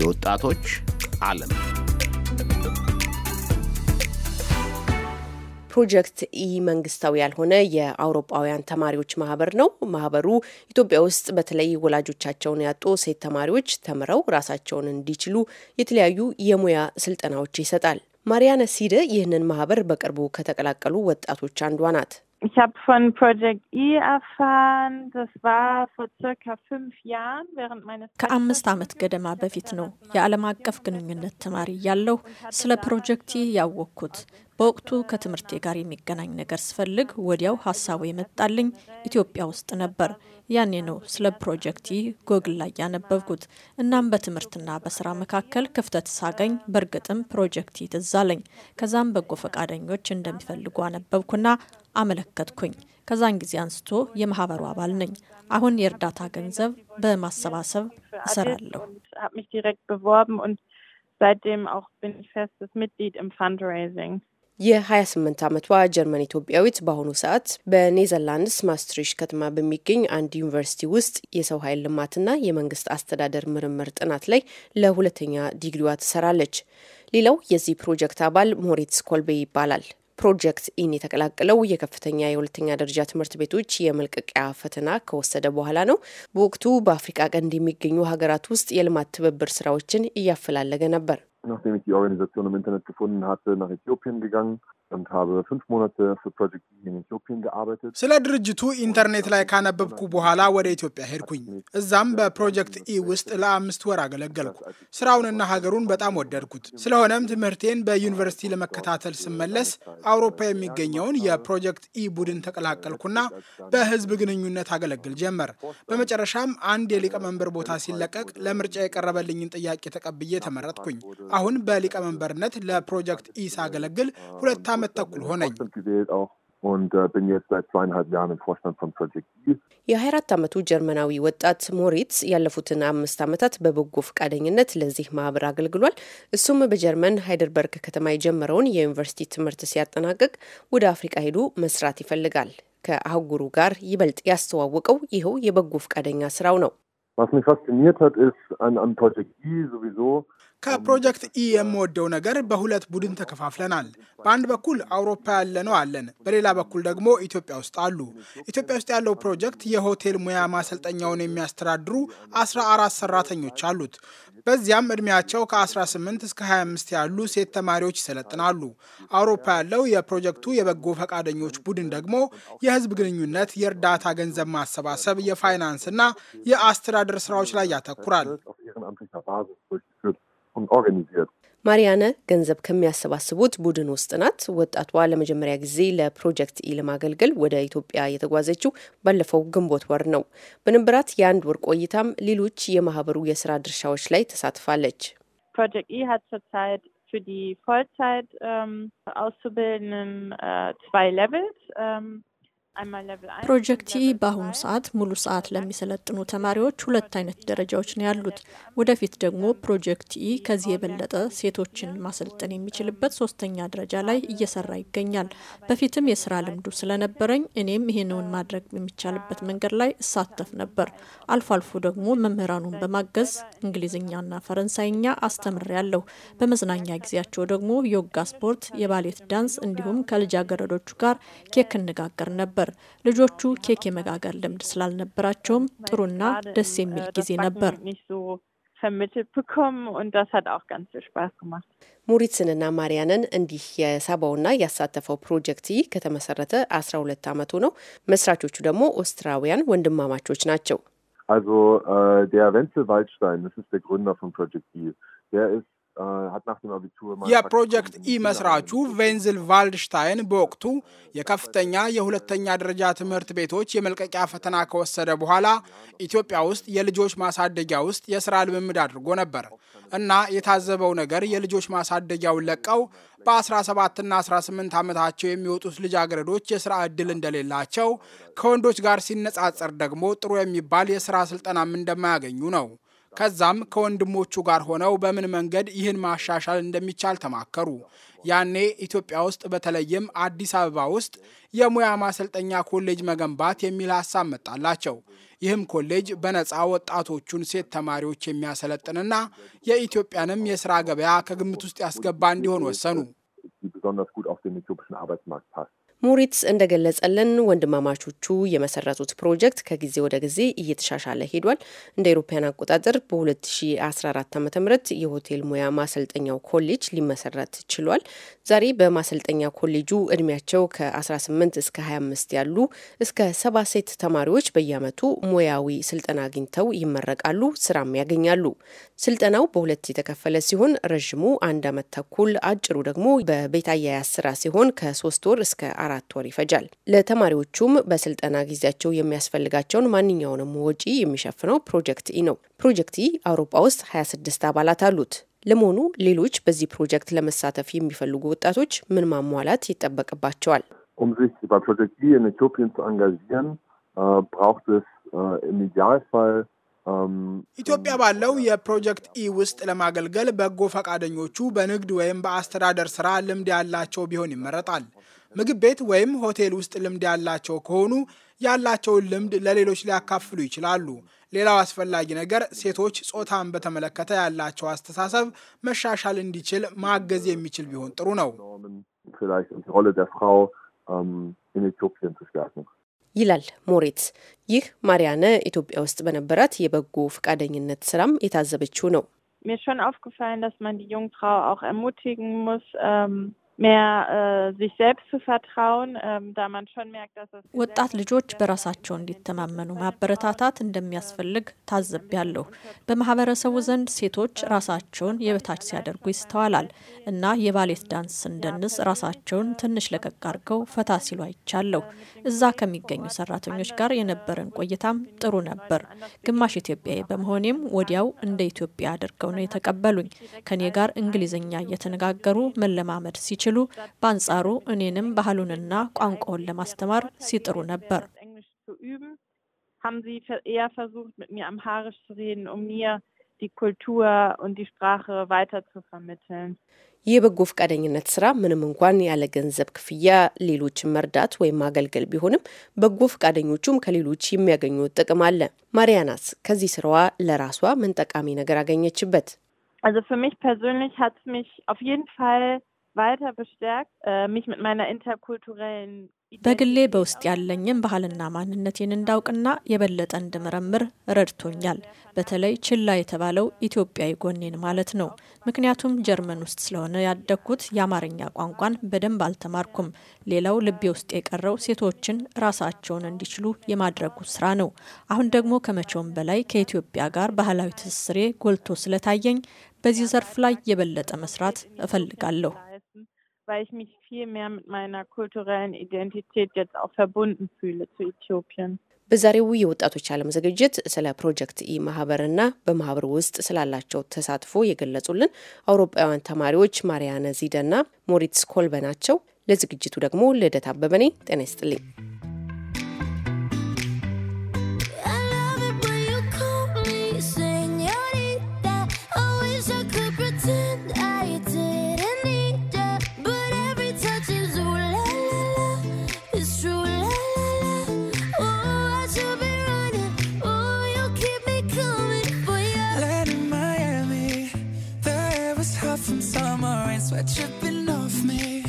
የወጣቶች ዓለም ፕሮጀክት ኢ መንግስታዊ ያልሆነ የአውሮፓውያን ተማሪዎች ማህበር ነው። ማህበሩ ኢትዮጵያ ውስጥ በተለይ ወላጆቻቸውን ያጡ ሴት ተማሪዎች ተምረው ራሳቸውን እንዲችሉ የተለያዩ የሙያ ስልጠናዎች ይሰጣል። ማሪያነ ሲደ ይህንን ማህበር በቅርቡ ከተቀላቀሉ ወጣቶች አንዷ ናት። Ich habe von Project E erfahren, das war vor circa fünf Jahren während meines ከአምስት ዓመት ገደማ በፊት ነው የዓለም አቀፍ ግንኙነት ተማሪ ያለው ስለ ፕሮጀክት ያወቅኩት። በወቅቱ ከትምህርቴ ጋር የሚገናኝ ነገር ስፈልግ ወዲያው ሀሳቡ የመጣልኝ ኢትዮጵያ ውስጥ ነበር። ያኔ ነው ስለ ፕሮጀክት ይህ ጎግል ላይ ያነበብኩት። እናም በትምህርትና በስራ መካከል ክፍተት ሳገኝ በእርግጥም ፕሮጀክት ትዝ አለኝ። ከዛም በጎ ፈቃደኞች እንደሚፈልጉ አነበብኩና አመለከትኩኝ። ከዛን ጊዜ አንስቶ የማህበሩ አባል ነኝ። አሁን የእርዳታ ገንዘብ በማሰባሰብ እሰራለሁ። Seitdem auch bin ich festes Mitglied im Fundraising. የ28 ዓመቷ ጀርመን ኢትዮጵያዊት በአሁኑ ሰዓት በኔዘርላንድስ ማስትሪሽ ከተማ በሚገኝ አንድ ዩኒቨርሲቲ ውስጥ የሰው ኃይል ልማትና የመንግስት አስተዳደር ምርምር ጥናት ላይ ለሁለተኛ ዲግሪዋ ትሰራለች። ሌላው የዚህ ፕሮጀክት አባል ሞሪትስ ኮልቤ ይባላል። ፕሮጀክት ኢን የተቀላቀለው የከፍተኛ የሁለተኛ ደረጃ ትምህርት ቤቶች የመልቀቂያ ፈተና ከወሰደ በኋላ ነው። በወቅቱ በአፍሪቃ ቀንድ የሚገኙ ሀገራት ውስጥ የልማት ትብብር ስራዎችን እያፈላለገ ነበር። nachdem ich die Organisation im Internet gefunden hatte, nach Äthiopien gegangen und habe fünf Monate für Project e in Äthiopien gearbeitet. ስለ ድርጅቱ ኢንተርኔት ላይ ካነበብኩ በኋላ ወደ ኢትዮጵያ ሄድኩኝ። እዛም በፕሮጀክት ኢ e ውስጥ ለአምስት ወር አገለገልኩ። ስራውንና ሀገሩን በጣም ወደድኩት። ስለሆነም ትምህርቴን በዩኒቨርሲቲ ለመከታተል ስመለስ አውሮፓ የሚገኘውን የፕሮጀክት ኢ e ቡድን ተቀላቀልኩና በህዝብ ግንኙነት አገለግል ጀመር። በመጨረሻም አንድ የሊቀመንበር ቦታ ሲለቀቅ ለምርጫ የቀረበልኝን ጥያቄ ተቀብዬ ተመረጥኩኝ። አሁን በሊቀመንበርነት ለፕሮጀክት ኢ ሳገለግል ሁለት ዓመት ተኩል ሆነኝ። የ24 ዓመቱ ጀርመናዊ ወጣት ሞሪትስ ያለፉትን አምስት ዓመታት በበጎ ፈቃደኝነት ለዚህ ማህበር አገልግሏል። እሱም በጀርመን ሃይደርበርግ ከተማ የጀመረውን የዩኒቨርሲቲ ትምህርት ሲያጠናቅቅ ወደ አፍሪቃ ሄዱ መስራት ይፈልጋል። ከአህጉሩ ጋር ይበልጥ ያስተዋወቀው ይኸው የበጎ ፈቃደኛ ስራው ነው። Was mich fasziniert hat, ist an, an Project E sowieso. ከፕሮጀክት ኢ e የምወደው ነገር በሁለት ቡድን ተከፋፍለናል። በአንድ በኩል አውሮፓ ያለ ነው አለን፣ በሌላ በኩል ደግሞ ኢትዮጵያ ውስጥ አሉ። ኢትዮጵያ ውስጥ ያለው ፕሮጀክት የሆቴል ሙያ ማሰልጠኛውን የሚያስተዳድሩ 14 ሰራተኞች አሉት። በዚያም እድሜያቸው ከ18 እስከ 25 ያሉ ሴት ተማሪዎች ይሰለጥናሉ። አውሮፓ ያለው የፕሮጀክቱ የበጎ ፈቃደኞች ቡድን ደግሞ የህዝብ ግንኙነት፣ የእርዳታ ገንዘብ ማሰባሰብ፣ የፋይናንስና የአስተዳደ የአስተዳደር ስራዎች ላይ ያተኩራል። ማሪያነ ገንዘብ ከሚያሰባስቡት ቡድን ውስጥ ናት። ወጣቷ ለመጀመሪያ ጊዜ ለፕሮጀክት ኢ ለማገልገል ወደ ኢትዮጵያ የተጓዘችው ባለፈው ግንቦት ወር ነው። በንብራት የአንድ ወር ቆይታም ሌሎች የማህበሩ የስራ ድርሻዎች ላይ ተሳትፋለች። ፕሮጀክት ኢ ሀት ሶሳይድ ዲ ቮልታይድ ፕሮጀክት ኢ በአሁኑ ሰዓት ሙሉ ሰዓት ለሚሰለጥኑ ተማሪዎች ሁለት አይነት ደረጃዎች ነው ያሉት። ወደፊት ደግሞ ፕሮጀክት ኢ ከዚህ የበለጠ ሴቶችን ማሰልጠን የሚችልበት ሶስተኛ ደረጃ ላይ እየሰራ ይገኛል። በፊትም የስራ ልምዱ ስለነበረኝ እኔም ይህንውን ማድረግ የሚቻልበት መንገድ ላይ እሳተፍ ነበር። አልፎ አልፎ ደግሞ መምህራኑን በማገዝ እንግሊዝኛና ፈረንሳይኛ አስተምር ያለው። በመዝናኛ ጊዜያቸው ደግሞ ዮጋ ስፖርት፣ የባሌት ዳንስ እንዲሁም ከልጃገረዶቹ ጋር ኬክ እንጋገር ነበር። ነበር። ልጆቹ ኬክ የመጋገር ልምድ ስላልነበራቸውም ጥሩና ደስ የሚል ጊዜ ነበር። ሙሪትስንና ማሪያንን እንዲህ የሳባውና ያሳተፈው ፕሮጀክት ይህ ከተመሰረተ አስራ ሁለት አመቱ ነው። መስራቾቹ ደግሞ ኦስትራውያን ወንድማማቾች ናቸው። Also äh, der Wenzel Waldstein, das ist der Gründer von Project E, der ist የፕሮጀክት ኢ መስራቹ ቬንዝል ቫልድሽታይን በወቅቱ የከፍተኛ የሁለተኛ ደረጃ ትምህርት ቤቶች የመልቀቂያ ፈተና ከወሰደ በኋላ ኢትዮጵያ ውስጥ የልጆች ማሳደጊያ ውስጥ የስራ ልምምድ አድርጎ ነበር እና የታዘበው ነገር የልጆች ማሳደጊያውን ለቀው በ17ና 18 ዓመታቸው የሚወጡት ልጃገረዶች የስራ ዕድል እንደሌላቸው፣ ከወንዶች ጋር ሲነጻጸር ደግሞ ጥሩ የሚባል የስራ ስልጠናም እንደማያገኙ ነው። ከዛም ከወንድሞቹ ጋር ሆነው በምን መንገድ ይህን ማሻሻል እንደሚቻል ተማከሩ። ያኔ ኢትዮጵያ ውስጥ በተለይም አዲስ አበባ ውስጥ የሙያ ማሰልጠኛ ኮሌጅ መገንባት የሚል ሀሳብ መጣላቸው። ይህም ኮሌጅ በነፃ ወጣቶቹን ሴት ተማሪዎች የሚያሰለጥንና የኢትዮጵያንም የስራ ገበያ ከግምት ውስጥ ያስገባ እንዲሆን ወሰኑ። ሙሪትስ እንደገለጸልን ወንድማማቾቹ የመሰረቱት ፕሮጀክት ከጊዜ ወደ ጊዜ እየተሻሻለ ሄዷል። እንደ አውሮፓውያን አቆጣጠር በ2014 ዓ ም የሆቴል ሙያ ማሰልጠኛው ኮሌጅ ሊመሰረት ችሏል። ዛሬ በማሰልጠኛ ኮሌጁ እድሜያቸው ከ18 እስከ 25 ያሉ እስከ ሰባ ሴት ተማሪዎች በየአመቱ ሙያዊ ስልጠና አግኝተው ይመረቃሉ፣ ስራም ያገኛሉ። ስልጠናው በሁለት የተከፈለ ሲሆን ረዥሙ አንድ አመት ተኩል፣ አጭሩ ደግሞ በቤት አያያዝ ስራ ሲሆን ከሶስት ወር እስከ አራት ወር ይፈጃል። ለተማሪዎቹም በስልጠና ጊዜያቸው የሚያስፈልጋቸውን ማንኛውንም ወጪ የሚሸፍነው ፕሮጀክት ኢ ነው። ፕሮጀክት ኢ አውሮፓ ውስጥ 26 አባላት አሉት። ለመሆኑ ሌሎች በዚህ ፕሮጀክት ለመሳተፍ የሚፈልጉ ወጣቶች ምን ማሟላት ይጠበቅባቸዋል? Äh, äh, ähm, ኢትዮጵያ ባለው የፕሮጀክት ኢ ውስጥ ለማገልገል በጎ ፈቃደኞቹ በንግድ ወይም በአስተዳደር ስራ ልምድ ያላቸው ቢሆን ይመረጣል። ምግብ ቤት ወይም ሆቴል ውስጥ ልምድ ያላቸው ከሆኑ ያላቸውን ልምድ ለሌሎች ሊያካፍሉ ይችላሉ። ሌላው አስፈላጊ ነገር ሴቶች ጾታን በተመለከተ ያላቸው አስተሳሰብ መሻሻል እንዲችል ማገዝ የሚችል ቢሆን ጥሩ ነው ይላል ሞሬት። ይህ ማሪያነ ኢትዮጵያ ውስጥ በነበራት የበጎ ፈቃደኝነት ስራም የታዘበችው ነው። mehr äh, sich selbst zu vertrauen, ähm, da man schon merkt, dass ወጣት ልጆች በራሳቸው እንዲተማመኑ ማበረታታት እንደሚያስፈልግ ähm, ታዘብያለሁ። በማህበረሰቡ ዘንድ ሴቶች äh, ራሳቸውን የበታች äh, ሲያደርጉ ይስተዋላል እና የባሌት ዳንስ እንደንስ ራሳቸውን ትንሽ ለቀቅ አድርገው ፈታ ሲሉ አይቻለሁ። እዛ ከሚገኙ ሰራተኞች ጋር የነበረን ቆይታም ጥሩ ነበር። ግማሽ ኢትዮጵያዊ በመሆኔም ወዲያው እንደ ኢትዮጵያ አድርገው ነው የተቀበሉኝ። ከኔ ጋር እንግሊዝኛ እየተነጋገሩ መለማመድ ሲችል ሲችሉ፣ በአንጻሩ እኔንም ባህሉንና ቋንቋውን ለማስተማር ሲጥሩ ነበር። ይህ በጎ ፈቃደኝነት ስራ ምንም እንኳን ያለ ገንዘብ ክፍያ ሌሎችን መርዳት ወይም ማገልገል ቢሆንም በጎ ፈቃደኞቹም ከሌሎች የሚያገኙት ጥቅም አለ። ማሪያናስ ከዚህ ስራዋ ለራሷ ምን ጠቃሚ ነገር አገኘችበት? Also für mich persönlich hat es mich auf jeden Fall weiter bestärkt, äh, mich mit meiner interkulturellen በግሌ በውስጥ ያለኝም ባህልና ማንነቴን እንዳውቅና የበለጠ እንድመረምር ረድቶኛል። በተለይ ችላ የተባለው ኢትዮጵያዊ ጎኔን ማለት ነው። ምክንያቱም ጀርመን ውስጥ ስለሆነ ያደግኩት የአማርኛ ቋንቋን በደንብ አልተማርኩም። ሌላው ልቤ ውስጥ የቀረው ሴቶችን ራሳቸውን እንዲችሉ የማድረጉ ስራ ነው። አሁን ደግሞ ከመቼውም በላይ ከኢትዮጵያ ጋር ባህላዊ ትስስሬ ጎልቶ ስለታየኝ በዚህ ዘርፍ ላይ የበለጠ መስራት እፈልጋለሁ። weil ich mich viel mehr mit meiner kulturellen Identität jetzt auch verbunden fühle zu Äthiopien. በዛሬው የወጣቶች ዓለም ዝግጅት ስለ ፕሮጀክት ኢ ማህበርና በማህበሩ ውስጥ ስላላቸው ተሳትፎ የገለጹልን አውሮፓውያን ተማሪዎች ማሪያነ ዚደና ሞሪትስ ኮልበ ናቸው። ለዝግጅቱ ደግሞ ልደት አበበኔ ጤና ይስጥልኝ። sweat dripping off me.